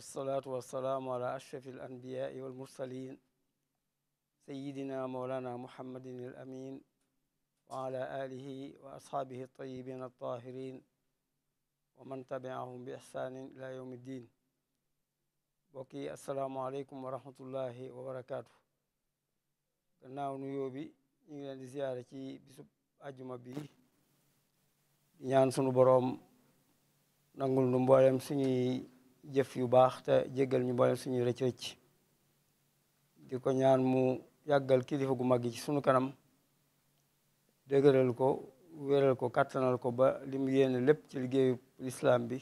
wasalaatu wasalaamu ala ashraf alanbiyaai walmursalin sayidina moolana muhammadin alamin wa ala alihi wa ashaabihi altayibin altahirin wa man tabiahum bi ihsanin ila yawm ddin bokk yi asalaamu aleykum wa rahmatullahi wa barakaatu gannaaw nu yóobi ñu ngi leen di ziyaara ci bisub àjjuma bi ñaan sunu boroom nangul nu mboolem suñuy jëf yu baax te jéggal ñu boole suñu rëcc rëcc di ko ñaan mu yàggal kilifa gu mag yi ci suñu kanam dëgëral ko wéral ko kàttanal ko ba li mu yéene lépp ci liggéeyu lislaam bi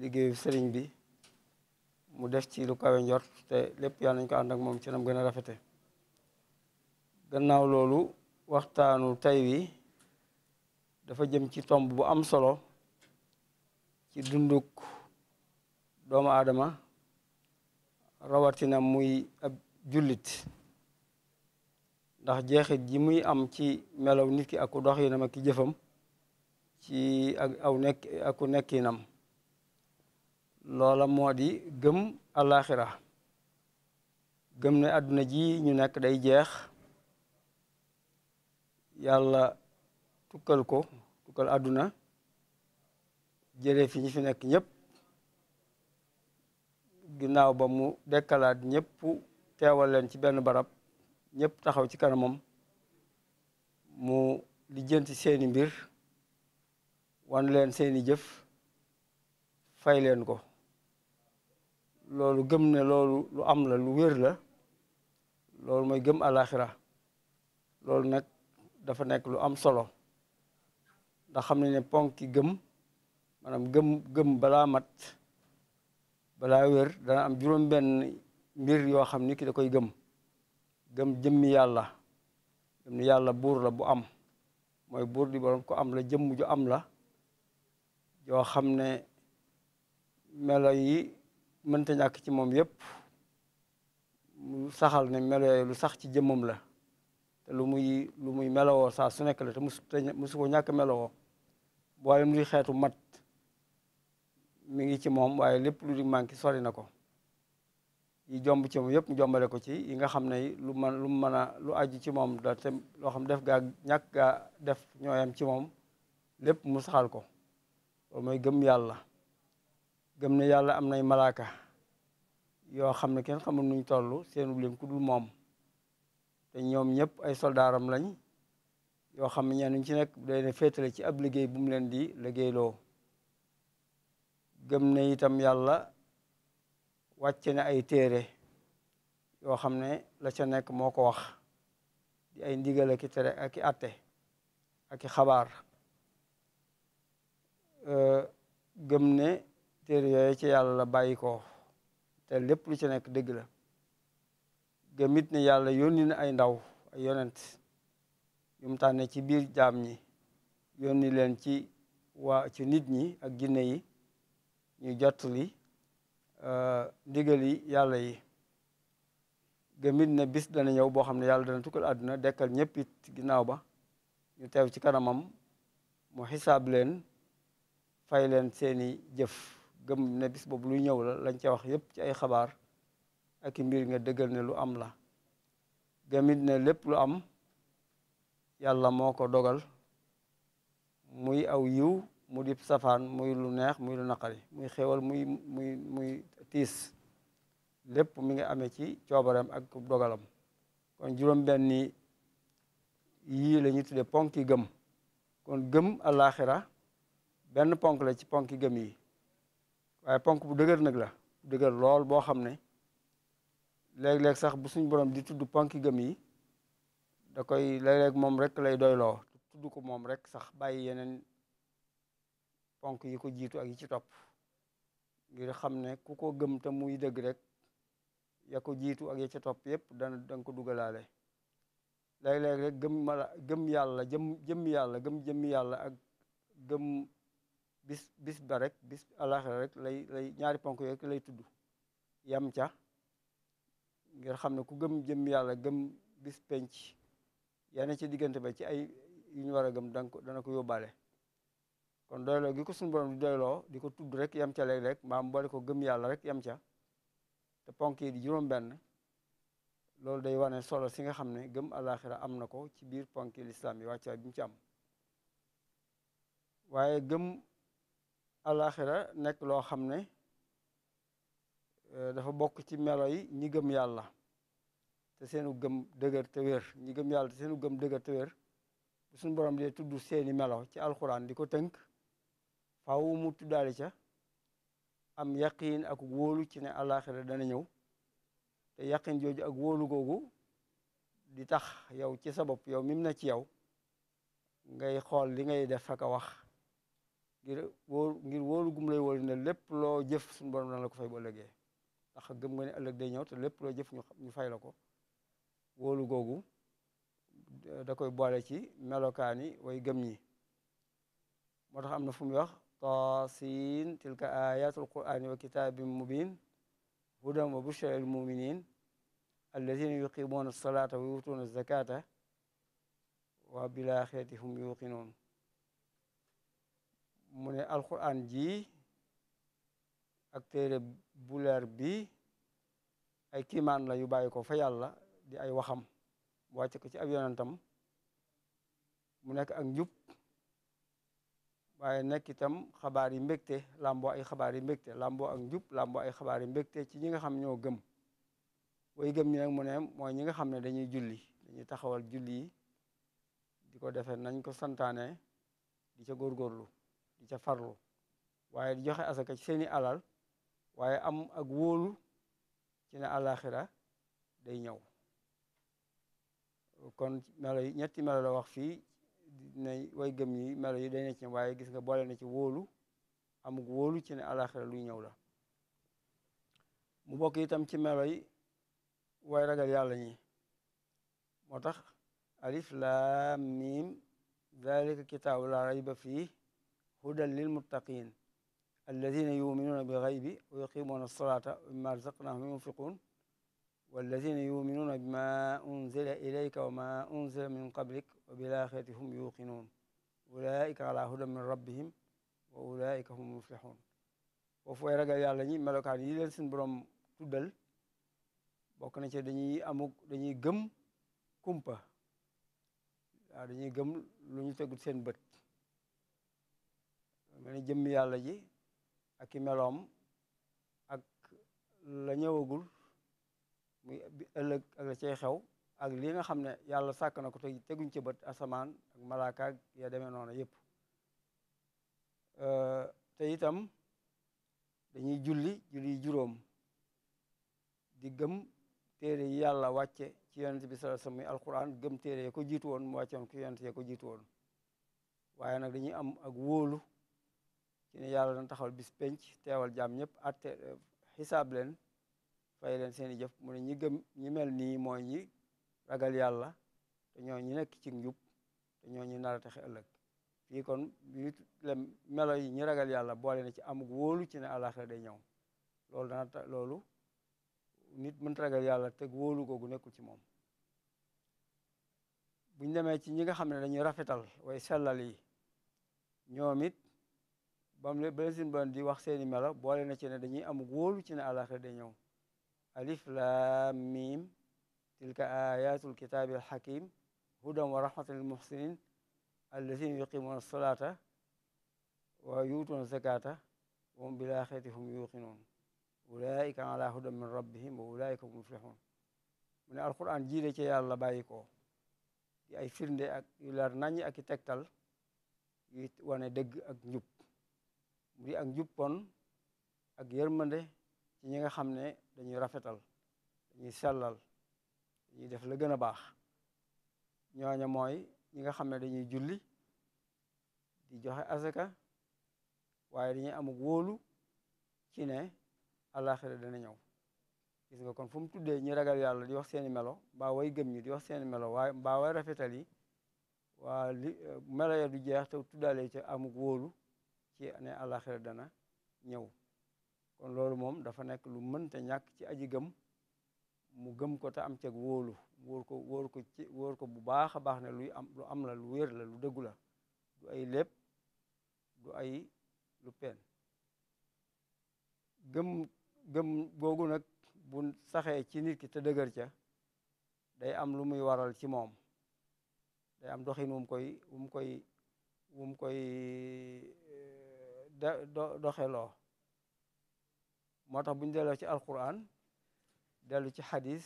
liggéeyu sëriñ bi mu def ci lu kawe te lépp yàlla nañ ko ànd ak moom ci nam gën a rafete gannaaw loolu waxtaanu tey wi dafa jëm ci tomb bu am solo ci dunduk doomu aadama rawatina muy ab jullit ndax jeexit ji muy am ci melaw nit ki ak ku doxinam ak jëfam ci ak aw nekkinam loola moo di gëm àllaaxira gëm ne àdduna ji ñu nekk day jeex yàlla tukkal ko tukkal àdduna jële fi ñu fi nekk ñëpp ginnaaw ba mu dekkalaat ñëpp teewal leen ci benn barab ñépp taxaw ci kanamam mu lijjanti seeni mbir wan leen seeni jëf fay leen ko loolu gëm ne loolu lu am la lu wér la loolu mooy gëm alaxira loolu nag dafa nekk lu am solo ndax xam ne ne ponki gëm maanaam gëm gëm balaa mat balaa wér dana am juróom-benn mbir yoo xam ni ki da koy gëm gëm jëmmi yàlla yàlla buur la bu am mooy buur di borom ko am la jëmm ju am la yoo xam ne melo yi mënta ñàkk ci moom yëpp mu saxal ne melo lu sax ci jëmmam la te lu muy lu muy melowoo saa su nekk la te musu musu ko ñàkk melowoo waaye muy xeetu mat mi ngi ci moom waaye lépp lu di manqué sori na ko yi jomb ci moom yëpp mu jombale ko ci yi nga xam ne lu man lu mën a lu aju ci moom da te loo xam def gaa ñàkk gaa def ñooyam ci moom lépp mu saxal ko loolu mooy gëm yàlla gëm ne yàlla am nay malaaka yoo xam ne kenn xamul nuñ toll seen lim ku dul moom te ñoom ñëpp ay soldaaram lañ yoo xam ne ñenn ci nekk day ne féetale ci ab liggéey bu mu leen di liggéeyloo gëm ne itam yàlla wàcce na ay téere yoo xam ne la ca nekk moo ko wax di ay ndigal aki tere aki atte aki xabaar gëm ne téere yooyu ci yàlla la bàyyi ko te lépp lu ci nekk dëgg la gëmit ne yàlla yónni na ay ndaw ay yonent ñu ci biir jaam ñi yónni ci wa ci nit ñi ak jinne yi ñu jottali euh, ndigal yi yàlla yi gëmit ne bis dana ñëw boo xam ne yàlla dana tukkal àdduna dekkal ñëpp it ginnaaw ba ñu teew ci kanamam mu xisaab leen fay leen seeni jëf gëm ne bis boobu luy ñëw la lañ ca wax yépp ci ay xabaar ak i mbir nga dëggal ne lu am la gëmit ne lépp lu am yàlla moo ko dogal muy aw yiw mu di safaan muy lu neex muy lu naqari muy xéewal muy muy muy tiis lépp mi ngi amee ci coobareem ak dogalam kon juróom-benni yii la ñuy tuddee ponki gëm kon gëm àllaaxira benn ponk la ci ponki gëm yi waaye ponk bu dëgër nag la bu dëgër lool boo xam ne léeg-léeg sax bu suñu borom di tudd ponki gëm yi da koy léeg-léeg moom rek lay doyloo tudd ko moom rek sax bàyyi yeneen ponk yi ko jiitu ak yi ci topp ngir xam ne ku ko gëm te muy dëgg rek ya ko jiitu ak ya ci topp yépp dana da nga ko dugalaale léeg-léeg rek gëm yàlla jëm jëm yàlla gëm jëmmi yàlla ak gëm bis bis ba rek bis alaxira rek lay lay ñaari ponk yi rek lay tudd yam ca ngir xam ne ku gëm jëm yàlla gëm bis penc yana ci diggante ba ci ay yu ñu war a gëm dana ko dana ko yóbbaale kon doyloo gi ko suñu borom di doyloo di ko tudd rek yem ca léeg-léeg maam boole ko gëm yàlla rek yem ca te ponk yi di juróom-benn loolu day wane solo si nga xam ne gëm àllaaxira am na ko ci biir ponki yi lislaam yi wàccaay bi mu ci am waaye gëm àllaaxira nekk loo xam ne eh, dafa bokk ci melo yi ñi gëm yàlla te seenu gëm dëgër te wér ñi gëm yàlla te seenu gëm dëgër wér bu suñu borom dee tudd seeni melo ci alxuraan di ko tënk faw mu tuddaale ca am yaqiin ak wóolu ci ne àllaaxira dana ñëw te yaqiin jooju ak wóolu googu di tax yow ci sa bopp yow mim na ci yow ngay xool li ngay def ak wax ngir wóor ngir wóolu gum lay wóolu lépp loo jëf suñu borom dana la ko fay ba ëllëgee ndax gëm nga ne ëllëg day ñëw te lépp loo jëf ñu fay la ko wóolu googu da koy boole ci melokaani way gëm ñi moo tax am na fu muy طاسين تلك آيات القرآن وكتاب مبين هدى وبشرى للمؤمنين الذين يقيمون الصلاة ويؤتون الزكاة وبالآخرة هم يوقنون mu ne alquran ji ak téere bu leer bi ay kiimaan la yu bàyyi ko fa yàlla di ay waxam wàcce ko ci ab yonentam mu nekk ak njub waaye nekk itam xabaar yi mbégte làmboo ay xabaar yi mbégte làmboo ak njub làmboo ay xabaar yi mbégte ci ñi nga xam ñoo gëm way gëm ñi nag mu ne mooy ñi nga xam ne dañuy julli dañuy taxawal julli di ko defe nañ ko santaane di ca góorgóorlu di ca farlu waaye di joxe asaka ci seeni alal waaye am ak wóolu ci ne àllaaxira day ñëw kon melo ñetti melo la wax fii na way gëm ñi yi day ne ci ñoom waaye gis nga boole na ci wóolu amug wóolu ci ne alaxira luy ñëw la mu bokk itam ci melo yi way ragal yàlla ñi moo tax alif laam miim dalika kitaabu la rayba fii hudan lil muttaqin alladina yuminuuna bi xaybi wa yuqimuuna alsolata wa mimma razaqnahum yunfiquun walladina yuminuuna bima unzila ilayka wa ma unzila min qablik wa bil axirati hum yuqinoun ulaika ala hudan min rabbihim wa ulaika hum muflihun foofu way ragal yàlla ñi melokaan yi leen seen borom tuddal bokk na ci dañuy amuk dañuy gëm kumpa dañuy gëm lu ñu tegul seen bët mel ni jëmm yàlla ji ak i meloom ak la ñëwagul muy ëllëg ak la cay xew ak li nga xam ne yàlla sàkk na ko te teguñ ci bët asamaan ak malaaka ak ya demee noonu yëpp euh, te itam dañuy julli julli juróom di gëm téere yi yàlla wàcce ci yonent bi sallallahu alayhi muy alquran gëm téere ya ko jiitu woon mu wàcce woon ko yonent ya ko jiitu woon waaye nag dañuy am ak wóolu ci ne yàlla dana taxawal bis teewal jaam ñëpp atte euh, xisaab leen fay leen seen i mu ne ñi gëm ñi mel nii mooy ñi ragal yàlla te ñoo ñu nekk ci njub te ñoo ñu nar a taxe ëllëg fii kon melo yi ñu ragal yàlla boole na ci amug wóolu ci ne àllaaxira day ñëw loolu dana loolu nit mënta ragal yàlla teg wóolu googu nekkul ci moom buñ demee ci ñi nga xam ne dañuy rafetal way sellal yi ñoom it bam le balesin bon di wax seeni melo boole na ci ne dañuy amug wóolu ci ne àllaaxira day ñëw alif laam tilka ayatul kitaabi alxakim hudan wa rahmatan lil muhsinin allazina yuqimuna salata wa yuutuna zakata wa hum bil axirati hum yuqinun ulaika ala hudan min rabbihim wa ulaika hum muflihun mu ne alquran jiide ci yàlla bàyyi ko di ay firnde ak yu leer naññ ak i tegtal wane dëgg ak njub mu di ak njub kon ak yërmande ci ñi nga xam ne dañuy rafetal dañuy sallal ñuy def la gën a baax ñooña mooy ñi nga xam ne dañuy julli di joxe asaka waaye dañuy amuk wóolu ci ne àllaaxira dana ñëw gis nga kon fu mu tuddee ñi ragal yàlla di wax seeni melo mbaa way gëm ñi di wax seeni melo waaye mbaa way rafetal waa li melo ya jeex te tuddaale ci amuk wóolu ci ne àllaaxira dana ñëw kon loolu moom dafa nekk lu mënta ñàkk ci aji gëm mu gëm ko te am ceeg wóolu wóor ko wóor ko ci wóor ko bu baax a baax ne luy am lu am la lu wér la lu dëggu la du ay lépp du ay lu peen gëm gëm googu nag bu saxee ci nit ki te dëgër ca day am lu muy waral ci moom day am doxin wum koy wum koy wum koy eh, doxeloo moo tax bu ñu ci alquran dellu ci xadis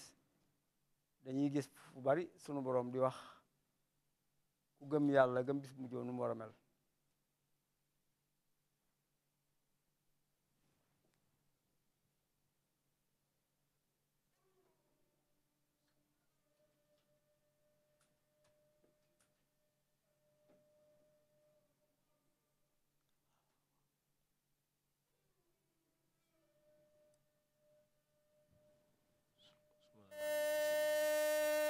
dañuy gis fu bari sunu borom di wax ku gëm yàlla gëm bis mu joonu mu war mel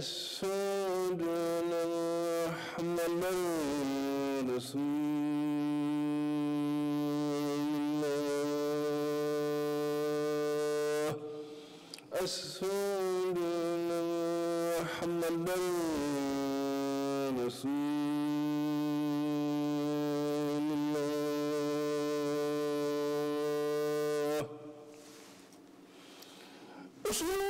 يسودون محمدا رسولا أسودون محمدا رسولا أسودون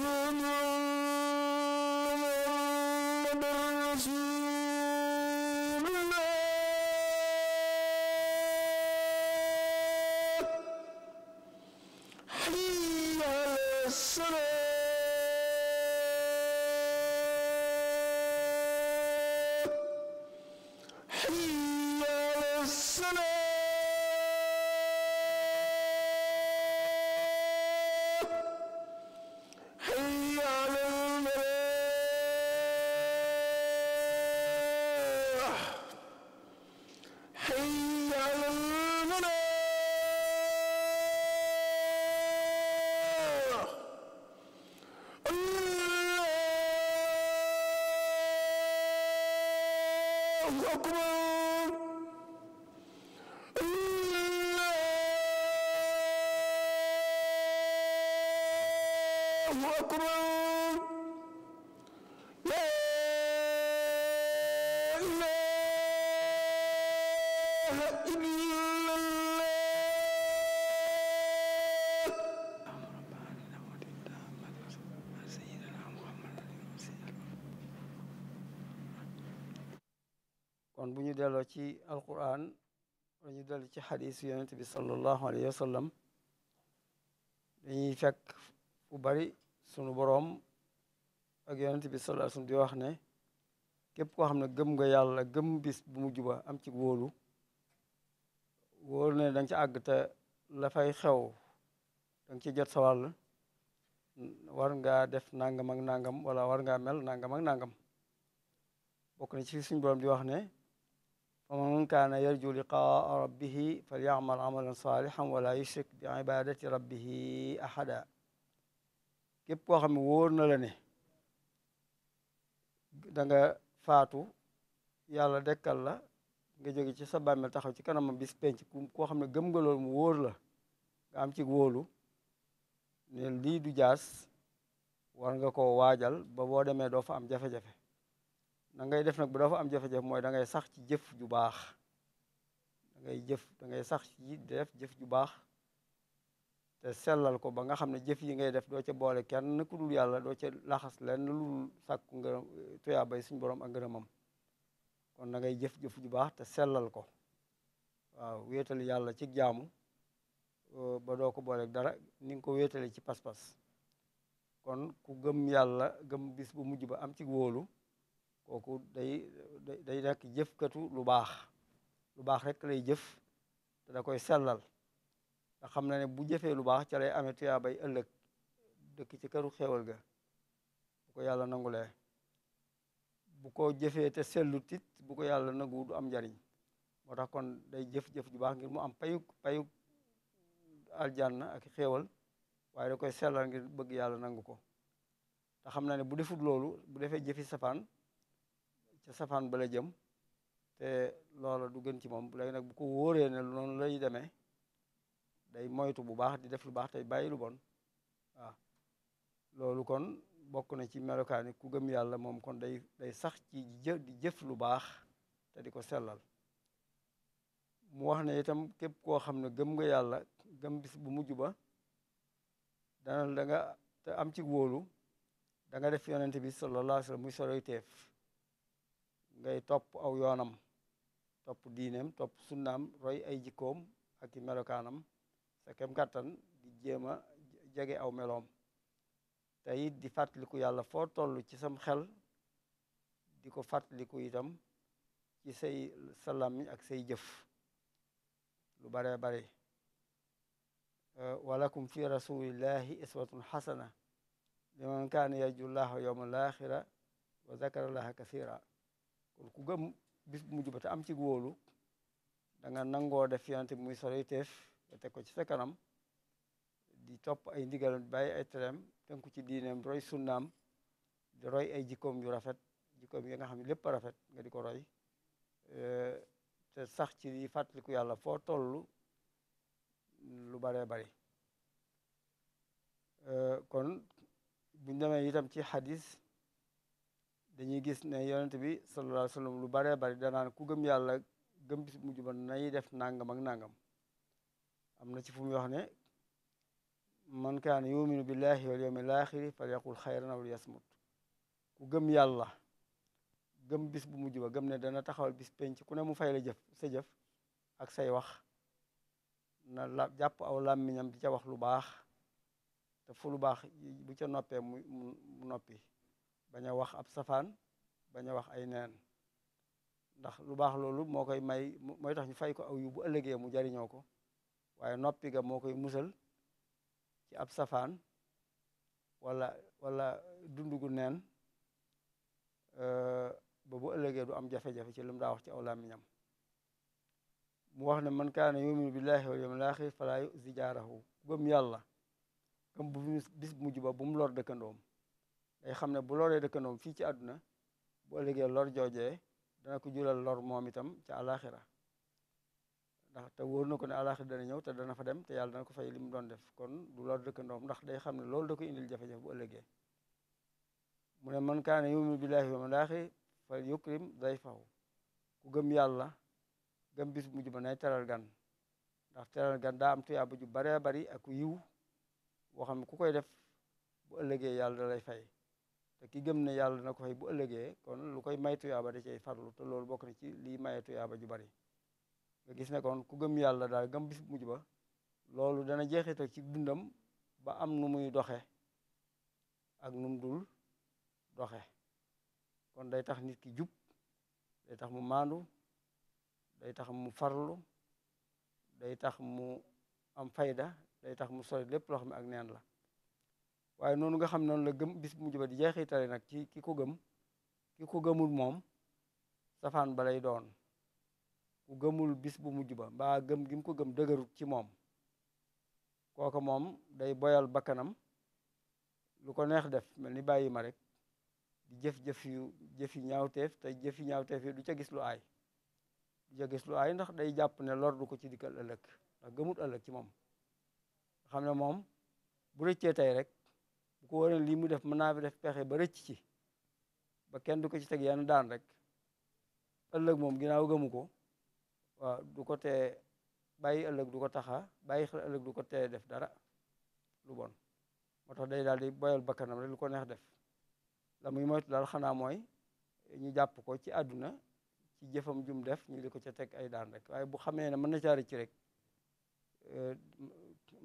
محمد رسول kon bu ñu delloo ci alquran wala ñu delloo ci xadis yonent bi sallallahu alayhi wa sallam dañuy fekk fu bari sunu boroom ak yonent bi sallallahu alayhi wa di wax ne képp koo xam ne gëm nga yàlla gëm bis bu mujj ba am ci wóolu wóolu ne dang ci àgg te la fay xew da nga ci jot sa war ngaa def nangam ak nangam wala war ngaa mel nangam ak nangam bokk na ci suñu borom di wax ne faman kaana yarju liqaa rabbihi falyacmal amalan saalixan wala yushrik bi ibadati rabbihi ahada képp koo xam ne wóor na la ne danga nga faatu yàlla dekkal la nga jóge ci sa bàmmeel taxaw ci kanamam bis penc koo xam ne gëm nga loolu mu wóor la nga am ci wóolu ne lii du jaas war nga ko waajal ba boo demee doo am jafe-jafe na ngay def nag bu dafa am jafe-jafe mooy dangay sax ci jëf ju baax da jëf da sax ci def jëf ju baax te sellal ko ba nga xam ne jëf yi ngay def doo ci boole kenn ku dul yàlla doo ca laxas lenn lu dul sàkku ngërëm tuyaabay boroom borom ak ngërëmam kon da ngay jëf jëf ju baax te sellal ko waaw wéetal yàlla ci jaamu ba doo ko booleeg dara ni nga ko wéetale ci pas-pas kon ku gëm yàlla gëm bis bu mujj ba am ci woolu kooku day day nekk jëfkatu lu baax lu baax rek lay jëf te da koy sellal nga xam na ne bu jëfee lu baax ca lay amee bay ëllëg dëkk ci këru xéewal ga bu ko yàlla nangulee bu ko jëfee te sellut it bu ko yàlla nangu du am njariñ moo tax kon day jëf-jëf ju baax ngir mu am payuk payuk aljanna ak xéewal waaye da koy sellal ngir bëgg yàlla nangu ko te xam na ne bu defut loolu bu defee jëfi safaan ca safaan ba la jëm te loola du gën ci moom léegi nag bu ko wóoree ne noonu lay demee day moytu bu baax di def lu baax tey bàyyi lu bon waaw loolu kon bokk na ci melokaani ku gëm yàlla moom kon day day sax ci jë jëf lu baax te di ko sellal mu wax ne itam képp koo xam ne gëm nga yàlla gëm bis bu mujj ba dana da nga te am ci wóolu danga nga def yonante bi sallallahu alayhi muy soroy teef ngay topp aw yoonam topp diineem topp sunnaam roy ay jikkoom ak i melokaanam sa kem kàttan di jéem a jege aw meloom te it di fàttaliku yàlla foo tollu ci sam xel di ko fàttaliku itam ci say sa làmmiñ ak say jëf lu baree bare walakum fi rasulillahi iswatun xasana liman kaana yarju llaha yawma alaxira wa zakara llaha kasira kon ku gëm bis bu mujj ba te am ci wóolu danga nangoo def yonent bi muy soroy teef nga teg ko ci sa kanam di topp ay ndigalam di bàyyi ay tereem tënku ci diineem roy sunnaam di roy ay jikkoom yu rafet jikkoom yi nga xam ne lépp rafet nga di ko roy eh, te sax ci di fàttaliku yàlla foo toll lu baree bari eh, kon buñ demee itam ci xadis dañuy gis ne yonent bi sallallahu alayhi wa sallam lu baree bari danaan ku gëm yàlla gëm bis mujj ba nañuy def nangam ak nangam am na ci fu muy wax ne man yu yuminu billahi wal yawmil axiri fal yaqul xayran aw liyasmut ku gëm yàlla gëm bis bu mujj ba gëm ne dana taxawal bis penc ku ne mu fay la jëf sa jëf ak say wax na la jàpp aw làmmiñam di ca wax lu baax te fu lu baax bu ca noppee mu noppi bañ a wax ab safaan bañ a wax ay neen ndax lu baax loolu moo koy may mooy tax ñu fay ko aw yu bu ëllëgee mu jariñoo ko waaye noppi ga moo koy musal ci ab safaan wala wala dundu neen euh, ba bu ëllëgee du am jafe-jafe ci li daa wax ci aw làmmiñam mu wax ne man kaana yuminu billahi wal yawmil axir falaa yuzi jaarahu gëm yàlla gëm bu bis bu mujj ba bu mu lor dëkkandoom day xam ne bu loree dëkkandoom fii ci àdduna boo ëllëgee lor joojee dana ko julal lor moom itam ci àllaaxira ndax te wóor na ko ne àllaaxira dana ñëw te dana fa dem te yàlla dana ko fay li mu doon def kon du lor dëkkandoom ndax day xam ne loolu da ko indil jafe-jafe bu ëllëgee mu ne man kaana yuminu billaahi wa malaaxi fal yukrim dayfahu ku gëm yàlla gëm bis mujj ba nay teral gan ndax teral gan daa am tuyaaba ju baree bari ak yiw boo ku koy def boo ëllëgee yàlla da lay fay te ki gëm na yàlla na ko fay bu ëllëgee kon lu koy may tuyaaba da cay farlu te loolu bokk na ci lii maye tuyaaba ju bari nga gis ne kon ku gëm yàlla daal gëm bis mu mujj ba loolu dana jeexital ci dundam ba am nu muy doxe ak nu dul doxe kon day tax nit ki jub day tax mu maandu day tax mu farlu day tax mu am fayda day tax mu sori lépp loo xam ne ak neen la waaye noonu nga xam noonu la gëm bis bu mujj ba di jeexitale nag ci ki ko gëm ki ko gëmul moom safaan ba lay doon ku gëmul bis bu mujj ba mbaa gëm gi ko gëm dëgërut ci moom kooka moom day boyal bakkanam lu ko neex def mel ni bàyyi ma rek di jëf-jëf yu jëfi ñaawteef te jëfi ñaawteef yi du ca gis lu aay du ca lu aay ndax day jàpp ne lor du ko ci dikkal ëllëg ndax gëmut ëllëg ci moom xam ne moom bu rëccee tey rek bu ko wóoree lii mu def mën naa fi def pexe ba rëcc ci ba kenn du ko ci teg yenn daan rek ëllëg moom ginnaaw gëmu ko waaw du ko tee bàyyi ëllëg du ko taxa bàyyi xel ëllëg du ko tee def dara lu bon moo tax day daal di boyal bakkanam rek lu ko neex def la muy moytu daal xanaa mooy ñu jàpp ko ci àdduna ci jëfam jum def ñu di ko ca teg ay daan rek waaye bu xamee ne mën na caa rëcc rek euh,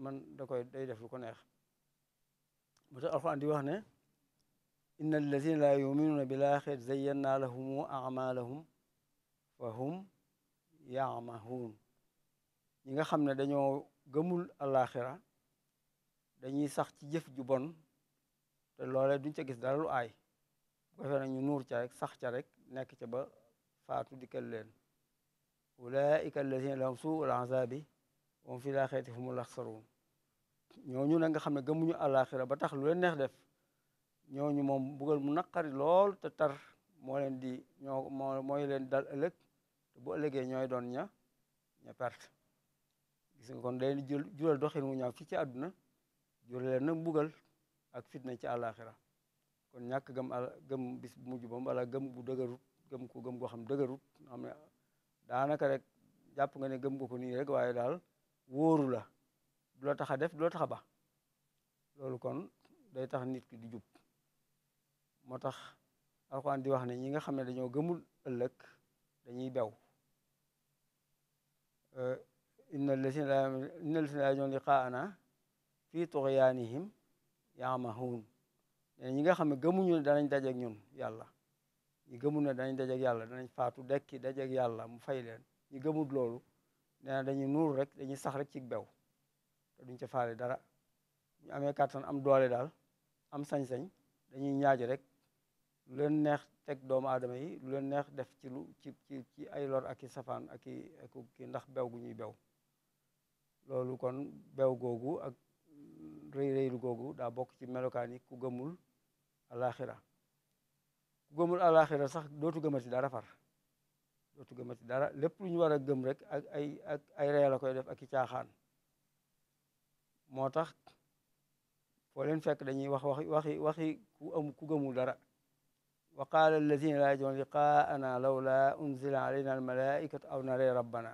man da koy day def lu ko neex bu tax alxuraan di wax ne inna allazina laa yuminuuna bil axirati zayyannaa lahumu amalahum wa hum yaamahuun ñi nga xam ne dañoo gëmul alaxira dañuy sax ci jëf ju bon te loolee duñ ca gis dara ay aay bu ko defee nag nuur ca rek sax ca rek nekk ca ba faatu dikkal leen ulaika allazina lahum suul azabi wa hum fi l axirati humul axsaruun ñooñu nag nga xam ne gëmuñu àllaaxira ba tax lu we neex def ñooñu moom bugal mu naqari lool te tar moo leen di ñoo moo mooy leen dal ëllëg te bu ëllëgee ñooy doon ña ña perte gis nga kon day jural doxin wu ñaaw fii ci àdduna jural leen nag mbugal ak fitna ci àllaaxira kon ñàkk gëm gëm bis bu mujj bam wala gëm bu dëgërut gëm ko gëm goo xam dëgërut xam ne daanaka rek jàpp nga ne gëm nga ko nii rek waye daal wóoru la du la tax a def du la tax a ba loolu kon day tax nit ki di jub moo tax alxuraan di wax ne ñi nga xam ne dañoo gëmul ëllëg dañuy bew inna lazina laa yoon liqaana fii tuxyaanihim yaamahuun ne ñi nga xam ne gëmuñu ne danañ dajeeg ñun yàlla ñi gëmul ne danañ dajeeg yàlla danañ faatu dekki dajeeg yàlla mu fay leen ñi gëmul loolu nee na dañuy nuur rek dañuy sax rek ci bew te duñ ca faale dara ñu amee kàttan am doole daal am sañ-sañ dañuy ñaaj rek lu leen neex teg doomu aadama yi lu leen neex def ci lu ci ci ci ay lor ak safaan ak ak ki ndax bew gu ñuy bew loolu kon bew googu ak rëy rëylu googu daa bokk ci melokaan yi ku gëmul alaxira ku gëmul alaxira sax dootu gëmati dara far dootu gëmati dara lépp lu ñu war a gëm rek ak ay ak ay la koy def ak caaxaan moo tax foo leen fekk dañuy wax wax waxi waxi ku am ku gëmul dara wa qaala alladina laa yarjuuna liqaana lawla unzila alayna almalaikatu aw nare rabbana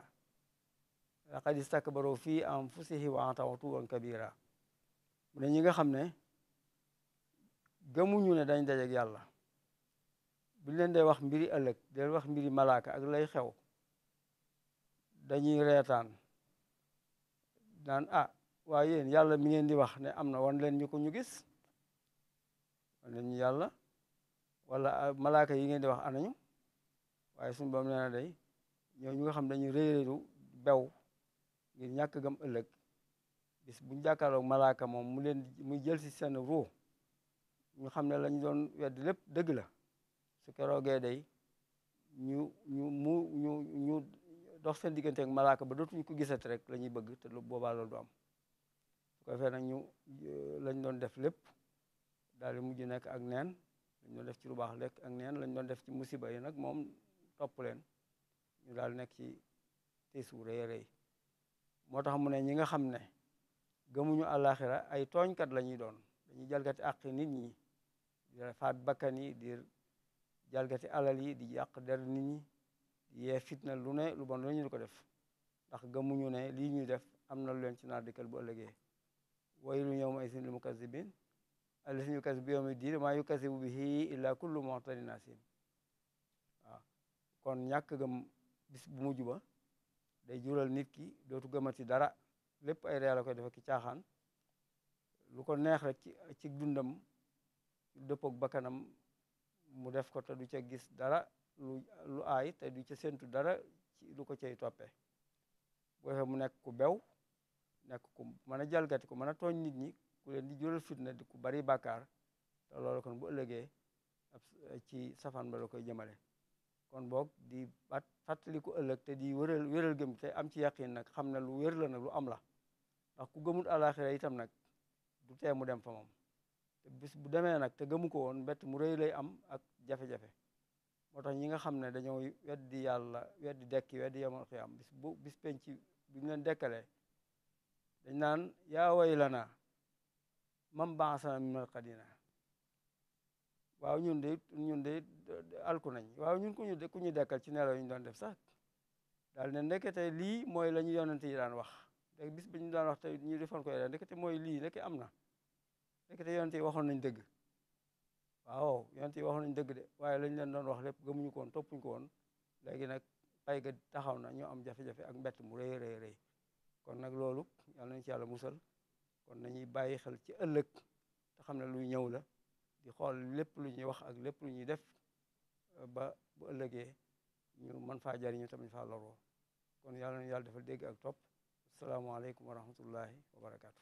laqad istakbaru fi anfusihim wa ataw tuwan kabira mu ne ñi nga xam ne gëmuñu ne dañ dajeg yàlla buñ leen day wax mbiri ëllëg del wax mbiri malaaka ak lay xew dañuy reetaan naan ah waaye yéen yàlla mi ngeen di wax ne am na wan leen ñu ko ñu gis wan leen ñu yàlla wala ah, malaaka yi ngeen di wax anañu waaye suñu boom nee na day ñoo ñu nga xam dañu réeréeru bew ngir ñàkk gam ëllëg bis buñ jàkkaarloog malaaka moom mu leen muy jël si seen ruu ñu xam ne lañ doon wedd lépp dëgg la su keroogee day ñu ñu mu ñu ñu dox seen digganteeg malaaka ba dootuñu ko gisat rek la ñuy bëgg te boobaa loolu du am ko defee nag ñu e, lañ doon def lépp daal di mujj nekk ak neen lañ doon def ci lu baax lekk ak neen lañ doon def ci musiba yi nag moom topp leen ñu daal nekk ci tiis wu rëy moo tax mu ne ñi nga xam ne gëmuñu àllaaxira ay tooñkat la ñuy doon dañuy jalgati àq nit ñi di faat bakkan yi di jalgati alal yi di yàq der nit ñi di yee na lu ne lu bon la ñu ko def ndax gëmuñu ne lii ñuy def am na lu leen ci naar dikkal bu ëllëgee waylun yawma izin lil mukazzibin allazina yukazzibu bi yawmi diin maa yukazzibu bihi illa kullu mu'tadin asim waaw kon ñàkk gëm bis bu mujj ba day jural nit ki dootu gëmati dara lépp ay reer la koy def ak caaxaan lu ko neex rek ci ci dundam dëppoog bakkanam mu def ko te du ca gis dara lu lu aay te du ca séntu dara ci lu ko cay toppee boo mu nekk ku bew nekk ku mën a jalgati ku mën a tooñ nit ñi ku leen di jural fitna di ku bari bàkkaar te loolu kon bu ëllëgee eh, ci safan ba la koy jëmale kon boog di bat fàttali ku ëllëg te di wëral wëral gëm te am ci yàqin nag xam na lu wér la nag lu am la ndax ku gëmul alaxira itam nag du tee mu dem fa moom te bis bu demee nag te gëmu ko woon mbett mu rëy lay am ak jafe-jafe moo tax ñi nga xam ne dañoo weddi yàlla weddi dekki weddi yamal xiyaam bis bu bis penc bi ñu leen dekkalee dañ naan yaa waylana man ba'asana min marqadina waaw ñun de ñun de alku nañ waaw ñun ku ñu ku ñu dekkal ci nelaw yi ñu doon def sax daal ne ndekete lii mooy la ñu yonent yi daan wax de bis bi ñu daan wax te ñu defoon ko yàlla ndekete mooy lii ndeke am na ndekete yonent yi waxoon nañ dëgg waaw yonent yi waxoon nañ dëgg de waaye lañ leen doon wax lépp gëmuñu ko woon toppuñu ko woon léegi nag pay ga taxaw na ñu am jafe-jafe ak mbett mu rëy rëy rëy kon nag loolu yàlla nañ ci yàlla musal kon nañuy bàyyi xel ci ëllëg te xam ne luy ñëw la di xool lépp lu ñuy wax ak lépp lu ñuy def euh, ba bu ëllëgee ñu mën faa jariñu tamit faa loroo kon yàlla nañu yàlla defal dégg ak topp asalaamaaleykum wa rahmatullahi wa barakaatu.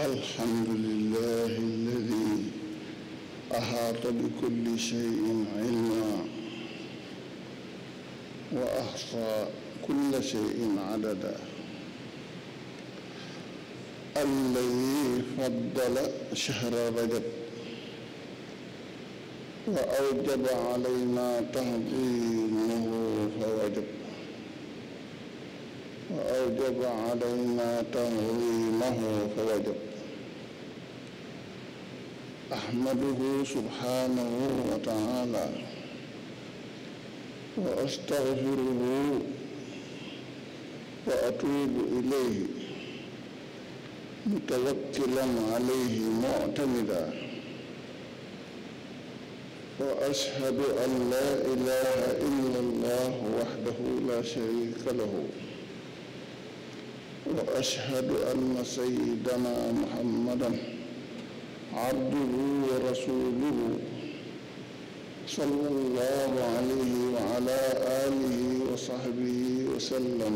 alhamdulilah alladi ahaata bi kulli cheyin ilma wa axsa kulla cheyin adada alladi faddala chahra rajab wa awjaba alayna tahdimahu fa wajab wa awjaba alayna tahdimahu fa wajab أحمده سبحانه وتعالى وأستغفره وأتوب إليه متوكلا عليه معتمدا وأشهد أن لا إله إلا الله وحده لا شريك له وأشهد أن سيدنا محمدا عبده ورسوله صلى الله عليه وعلى آله وصحبه وسلم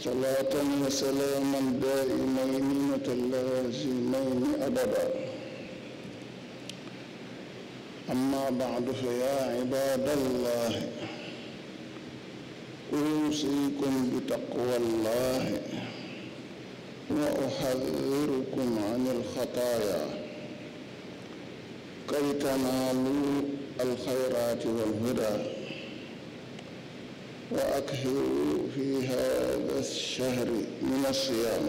صلاة وسلاما دائمين متلازمين أبدا أما بعد فيا عباد الله أوصيكم بتقوى الله وأحذركم عن الخطايا كي تنالوا الخيرات والهدى وأكثروا في هذا الشهر من الصيام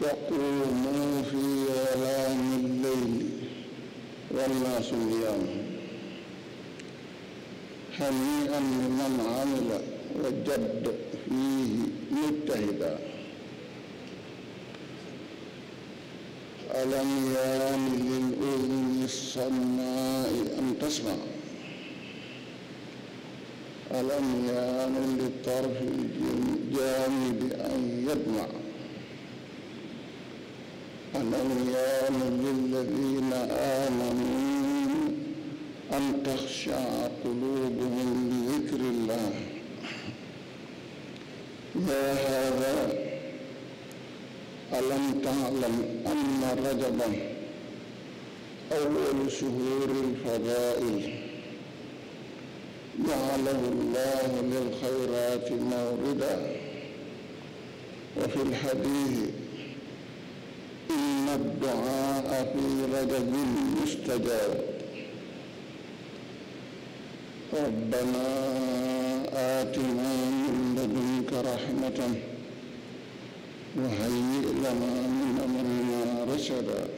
وقوموا في ظلام الليل والناس نيام هنيئا لمن عمل وجد فيه مجتهدا ألم يان للأذن الصماء أن تسمع ألم يان للطرف الجانب أن يدمع ألم يان للذين آمنوا أن تخشع قلوبهم لذكر الله وهذا ألم تعلم أن رجبا أول شهور الفضائل جعله الله للخيرات موردا وفي الحديث إن الدعاء في رجب مستجاب ربنا آتنا رحمة وهيئ لنا من أمرنا رشدا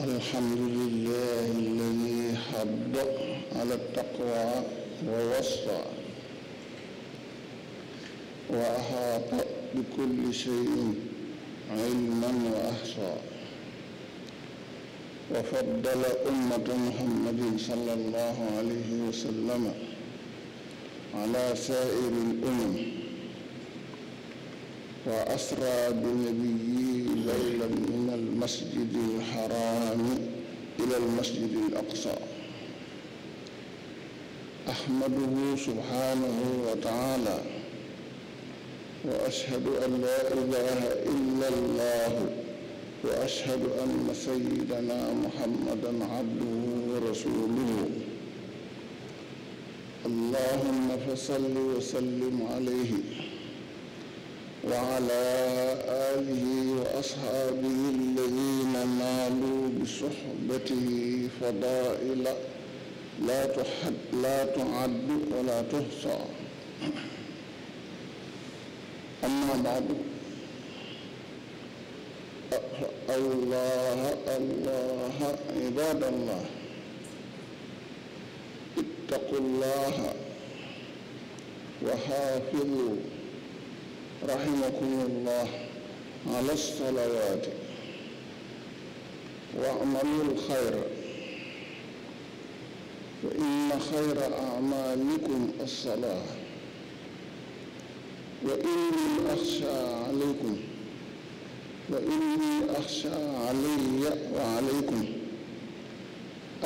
الحمد لله الذي حض على التقوى ووصى وأحاط بكل شيء علما وأحصى وفضل أمة محمد صلى الله عليه وسلم على سائر الأمم وأسرى بنبيه ليلا المسجد الحرام إلى المسجد الأقصى أحمده سبحانه وتعالى وأشهد أن لا إله إلا الله وأشهد أن سيدنا محمدا عبده ورسوله اللهم فصل وسلم عليه وعلى آله وأصحابه الذين نالوا بصحبته فضائل لا تحد لا تعد ولا تحصى أما بعد الله الله عباد الله اتقوا الله وحافظوا rahimakumullah ala salawaati wa amalul xayra wa inna xayra amalikum assalaa wa inni axsha alaykum wa inni axsha alayya wa alaykum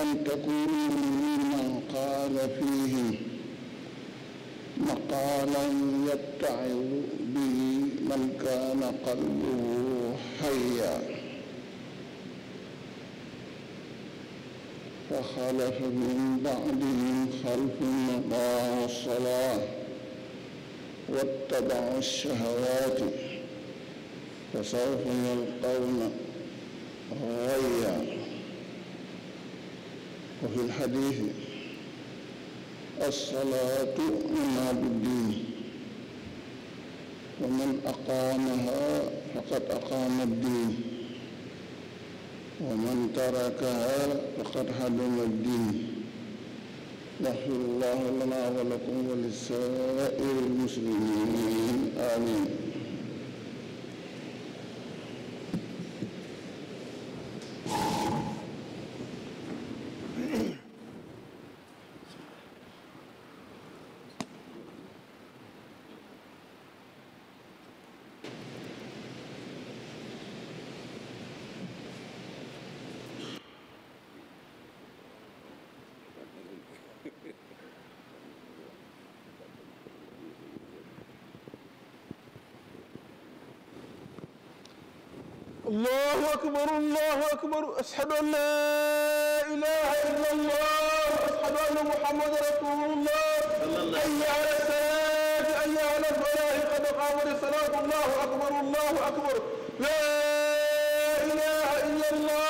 an takunu mimman qaala fihim maqaalan yatta'izu به من كان قلبه حيا فخلف من بعدهم خلف أضاعوا الصلاة واتبعوا الشهوات فسوف يلقون غيا وفي الحديث الصلاة عماد الدين wa man aqaamaha faqad aqaama diin wa man tarakaha faqad hadama diin yaxfirullahu lana wa lakum wa lisaa'iril muslimiin amiin allahu akbar allahu akbar ashhadu an la ilaha illa allah ashhadu anna muhammad rasulullah hayya ala salaat hayya ala falah qad qaamat salaat allahu akbar allahu akbar la ilaha illa allah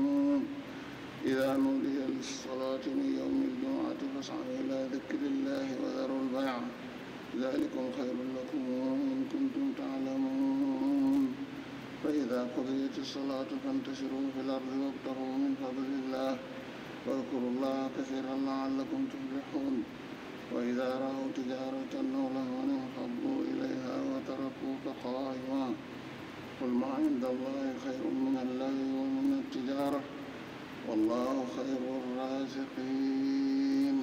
إذا نودي للصلاة من يوم الجمعة فاسعوا إلى ذكر الله وذروا البيع ذلكم خير لكم إن كنتم تعلمون فإذا قضيت الصلاة فانتشروا في الأرض وابتغوا من فضل الله واذكروا الله كثيرا لعلكم تفلحون وإذا رأوا تجارة أو لهوا انفضوا إليها وتركوك قائما قل ما عند الله خير من الله ومن التجارة والله خير الرازقين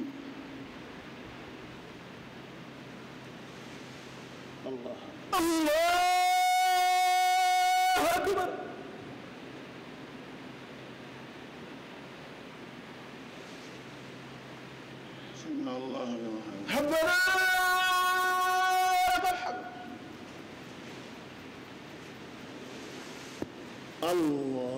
الله الله أكبر سمع الله لمحمد ربنا لك الحمد الله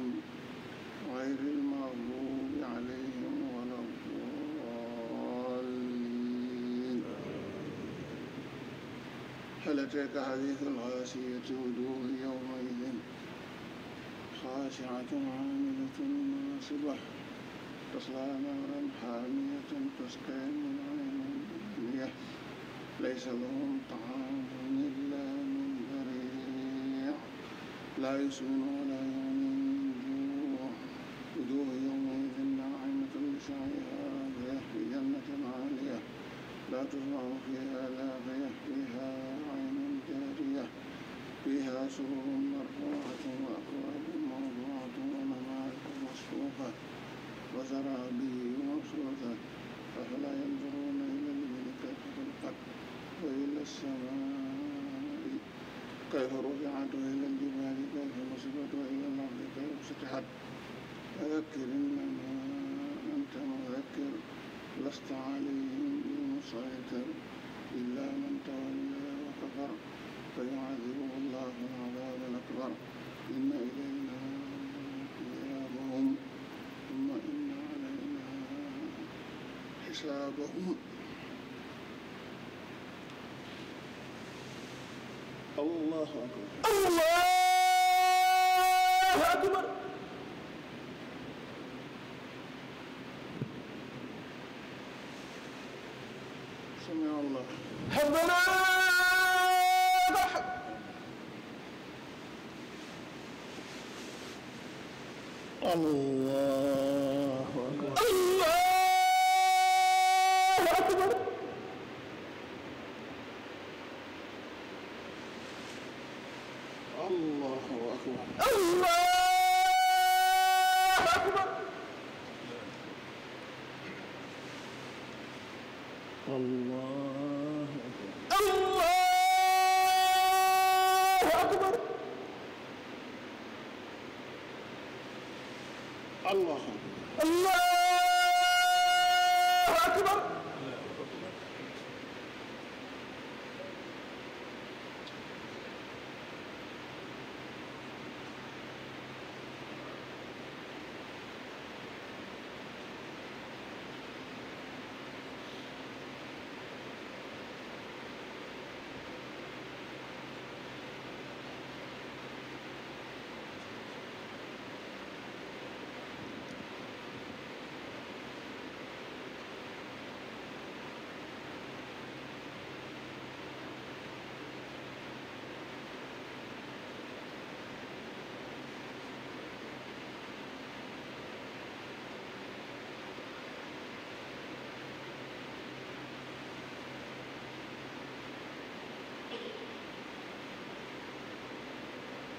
غير المغضوب عليهم ولا الضالين هل أتاك حديث الغاشية وجوه يومئذ خاشعة عاملة ناصبة تصلى نارا حامية تسقى من عين ليس لهم طعام إلا من ضريع لا يسمنون شبه مرفوعة وأكواب موضوعة ومنابر مصفوفة وزرابي مبثوثة أفلا ينظرون إلى الإبل كيف خلقت وإلى السماء كيف رفعت وإلى الجبال كيف نصبت وإلى الأرض كيف سطحت فذكر إنما أنت مذكر لست عليهم بمسيطر إلا من تولى وكفر فيعذب تشابهون الله أكبر الله أكبر سمع الله ربنا الله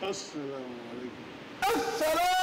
asalaamaaleykum. asalaamaaleykum.